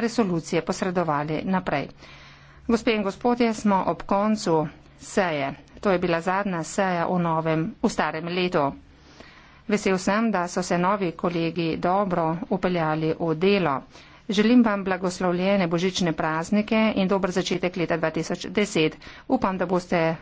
resolucije posredovali naprej. Gospe in gospodje, smo ob koncu seje. To je bila zadnja seja v novem, v starem letu. Vesel sem, da so se novi kolegi dobro upeljali v delo. Želim vam blagoslovljene božične praznike in dober začetek leta 2010. Upam, da boste.